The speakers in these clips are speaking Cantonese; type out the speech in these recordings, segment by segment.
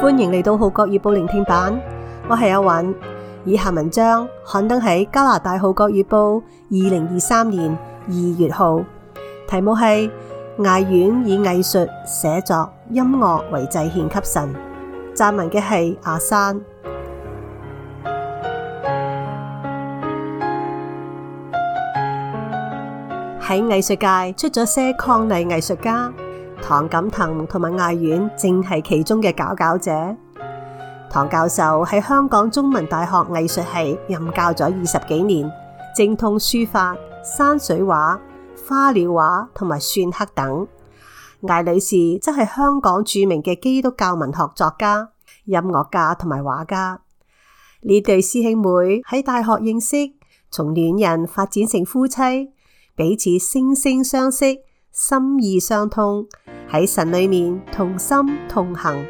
歡迎嚟到《號角月報》聆聽版，我係阿允。以下文章刊登喺加拿大《號角月報》二零二三年二月號，題目係《艾阮以藝術寫作音樂為祭獻給神》，撰文嘅係阿山。喺藝術界出咗些伉儷藝術家。唐錦騰同埋艾阮正係其中嘅佼佼者。唐教授喺香港中文大學藝術系任教咗二十幾年，精通書法、山水畫、花鳥畫同埋篆刻等。艾女士則係香港著名嘅基督教文學作家、音樂家同埋畫家。呢對師兄妹喺大學認識，從戀人發展成夫妻，彼此惺惺相惜。心意相通，喺神裏面同心同行。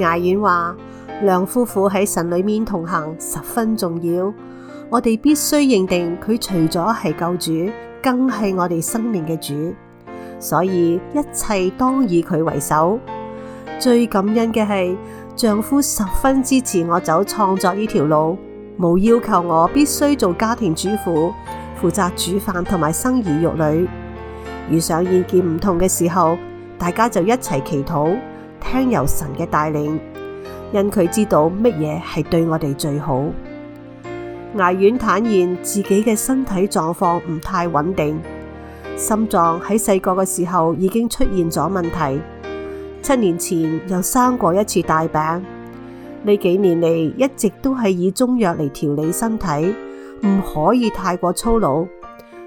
艾阮話：兩夫婦喺神裏面同行十分重要，我哋必須認定佢除咗係救主，更係我哋生命嘅主，所以一切當以佢為首。最感恩嘅係丈夫十分支持我走創作呢條路。冇要求我必須做家庭主婦，負責煮飯同埋生兒育女。遇上意見唔同嘅時候，大家就一齊祈禱，聽由神嘅帶領，因佢知道乜嘢係對我哋最好。艾阮坦言自己嘅身體狀況唔太穩定，心臟喺細個嘅時候已經出現咗問題，七年前又生過一次大病。呢幾年嚟，一直都係以中藥嚟調理身體，唔可以太過粗魯，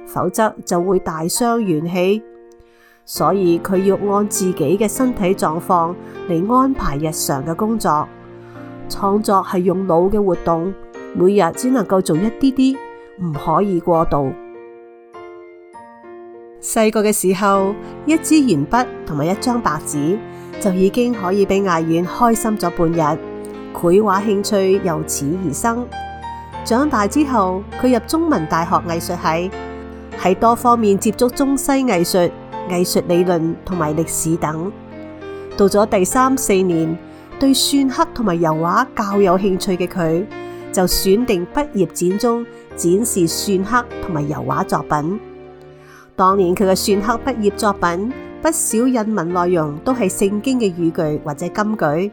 否則就會大傷元氣。所以佢要按自己嘅身體狀況嚟安排日常嘅工作。創作係用腦嘅活動，每日只能夠做一啲啲，唔可以過度。細個嘅時候，一支鉛筆同埋一張白紙就已經可以俾艾阮開心咗半日。繪畫興趣由此而生。長大之後，佢入中文大學藝術系，喺多方面接觸中西藝術、藝術理論同埋歷史等。到咗第三四年，對篆刻同埋油畫較有興趣嘅佢，就選定畢業展中展示篆刻同埋油畫作品。當年佢嘅篆刻畢業作品，不少引文內容都係聖經嘅語句或者金句。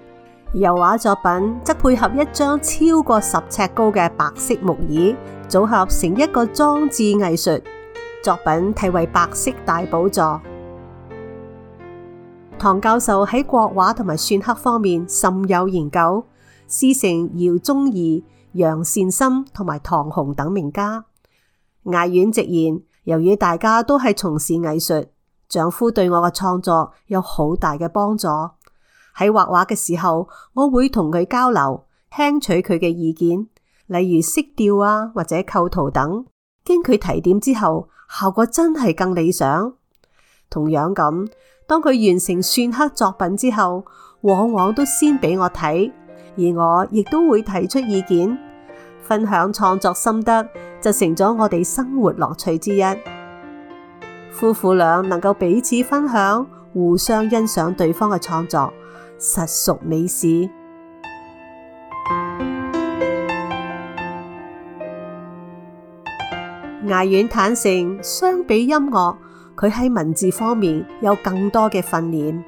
油畫作品則配合一張超過十尺高嘅白色木椅，組合成一個裝置藝術作品，題為白色大寶座。唐教授喺國畫同埋篆刻方面甚有研究，師承饒宗頤、楊善深同埋唐鴻等名家。艾阮直言，由於大家都係從事藝術，丈夫對我嘅創作有好大嘅幫助。喺畫畫嘅時候，我會同佢交流，聽取佢嘅意見，例如色調啊或者構圖等，經佢提點之後，效果真係更理想。同樣咁，當佢完成篆刻作品之後，往往都先俾我睇，而我亦都會提出意見，分享創作心得，就成咗我哋生活樂趣之一。夫婦倆能夠彼此分享，互相欣賞對方嘅創作。實屬美事。艾阮坦承，相比音樂，佢喺文字方面有更多嘅訓練。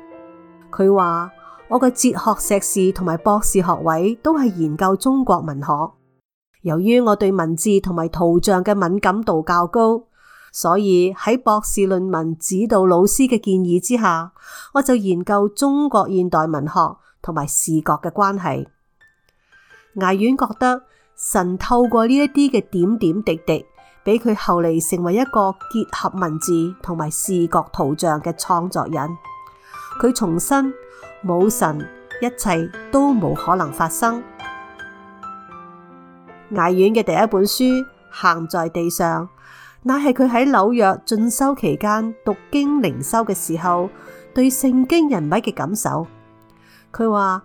佢話：我嘅哲學碩士同埋博士學位都係研究中國文學。由於我對文字同埋圖像嘅敏感度較高。所以喺博士論文指導老師嘅建議之下，我就研究中國現代文學同埋視覺嘅關係。艾阮覺得神透過呢一啲嘅點點滴滴，俾佢後嚟成為一個結合文字同埋視覺圖像嘅創作人。佢重申冇神，一切都冇可能發生。艾阮嘅第一本書行在地上。乃係佢喺紐約進修期間讀經靈修嘅時候，對聖經人物嘅感受。佢話，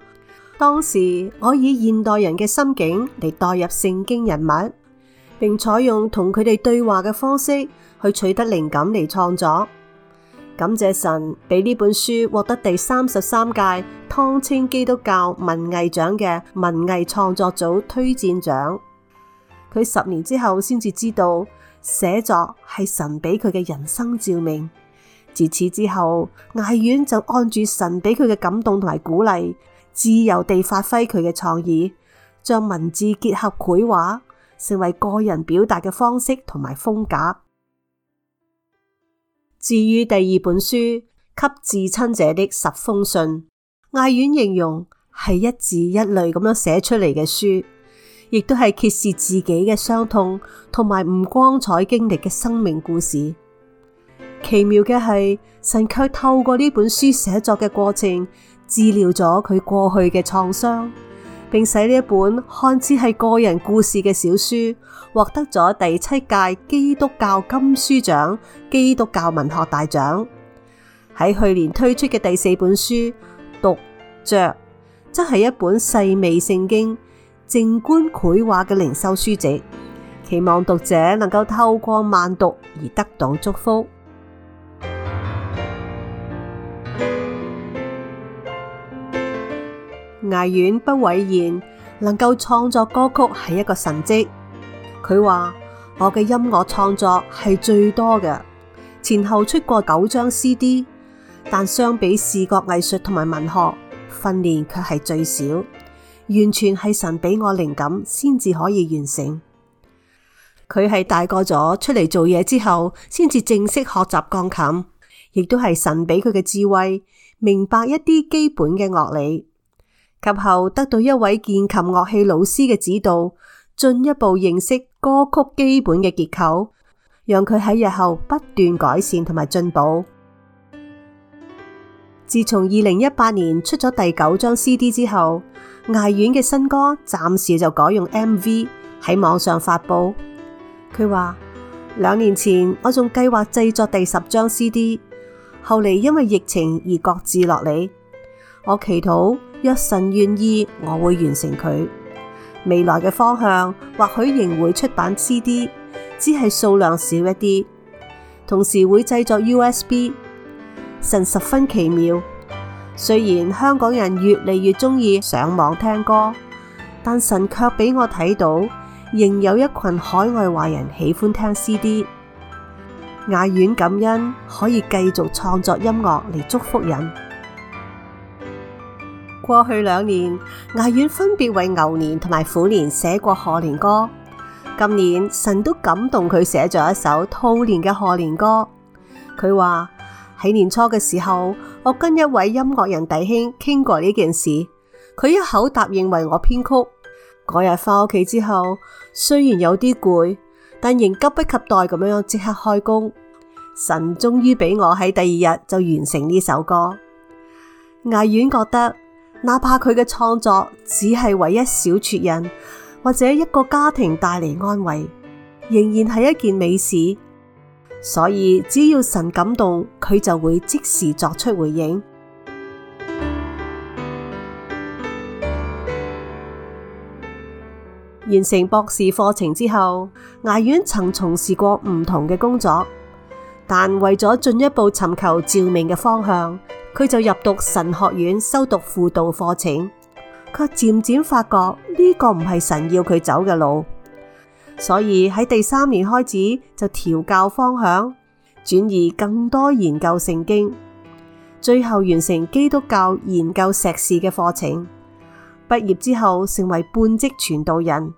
當時我以現代人嘅心境嚟代入聖經人物，並採用同佢哋對話嘅方式去取得靈感嚟創作。感謝神俾呢本書獲得第三十三屆湯清基督教文藝獎嘅文藝創作組推薦獎。佢十年之後先至知道。寫作係神俾佢嘅人生照明，自此之後，艾阮就按住神俾佢嘅感動同埋鼓勵，自由地發揮佢嘅創意，將文字結合繪畫，成為個人表達嘅方式同埋風格。至於第二本書《給至親者的十封信》，艾阮形容係一字一類咁樣寫出嚟嘅書。亦都係揭示自己嘅傷痛同埋唔光彩經歷嘅生命故事。奇妙嘅係，神卻透過呢本書寫作嘅過程，治療咗佢過去嘅創傷，並使呢一本看似係個人故事嘅小書，獲得咗第七屆基督教金書獎、基督教文學大獎。喺去年推出嘅第四本書《讀着》，則係一本細味聖經。靜觀繪畫嘅靈修書籍，期望讀者能夠透過慢讀而得到祝福。艾阮 不諱言，能夠創作歌曲係一個神蹟。佢話，我嘅音樂創作係最多嘅，前後出過九張 CD，但相比視覺藝術同埋文學，訓練卻係最少。完全係神俾我靈感，先至可以完成。佢係大個咗出嚟做嘢之後，先至正式學習鋼琴，亦都係神俾佢嘅智慧，明白一啲基本嘅樂理。及後得到一位鍵琴樂器老師嘅指導，進一步認識歌曲基本嘅結構，讓佢喺日後不斷改善同埋進步。自從二零一八年出咗第九張 CD 之後，艾阮嘅新歌暫時就改用 MV 喺網上發布。佢話，兩年前我仲計劃製作第十張 CD，後嚟因為疫情而擱置落嚟。我祈禱若神願意我會完成佢。未來嘅方向，或許仍會出版 CD，只係數量少一啲，同時會製作 USB。神十分奇妙，雖然香港人越嚟越鍾意上網聽歌，但神卻俾我睇到，仍有一群海外華人喜歡聽 CD。艾阮感恩可以繼續創作音樂嚟祝福人。過去兩年，艾阮分別為牛年同埋虎年寫過賀年歌，今年神都感動佢寫咗一首兔年嘅賀年歌。佢話。喺年初嘅時候，我跟一位音樂人弟兄傾過呢件事，佢一口答應為我編曲。嗰日返屋企之後，雖然有啲攰，但仍急不及待咁樣即刻開工。神終於俾我喺第二日就完成呢首歌。艾阮覺得，哪怕佢嘅創作只係為一小撮人或者一個家庭帶嚟安慰，仍然係一件美事。所以只要神感動佢，就會即時作出回應。完成博士課程之後，艾阮曾從事過唔同嘅工作，但為咗進一步尋求照明嘅方向，佢就入讀神學院修讀輔導課程，卻漸漸發覺呢個唔係神要佢走嘅路。所以喺第三年開始就調教方向，轉移更多研究聖經，最後完成基督教研究碩士嘅課程。畢業之後成為半職傳道人。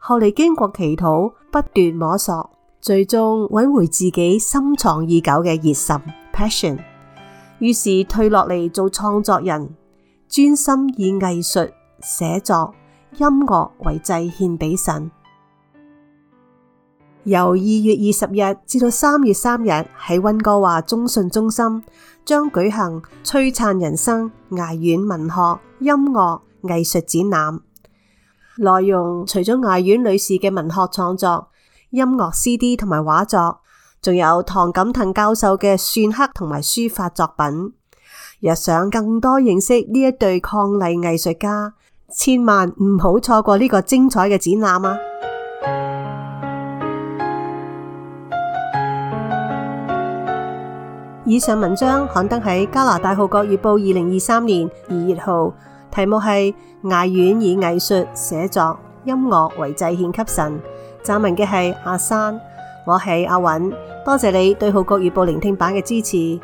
後來經過祈禱，不斷摸索，最終揾回自己深藏已久嘅熱心 passion，於是退落嚟做創作人，專心以藝術、寫作、音樂為祭獻俾神。由二月二十日至到三月三日，喺溫哥華中信中心將舉行璀璨人生艾阮文學音樂藝術展覽。內容除咗艾阮女士嘅文學創作、音樂 CD 同埋畫作，仲有唐錦騰教授嘅篆刻同埋書法作品。若想更多認識呢一對伉儷藝術家，千萬唔好錯過呢個精彩嘅展覽啊！以上文章刊登喺加拿大《號角月報》二零二三年二月號，題目係《艾阮以藝術、寫作、音樂為祭獻給神》，撰文嘅係阿山，我係阿韻，多謝你對《號角月報》聆聽版嘅支持。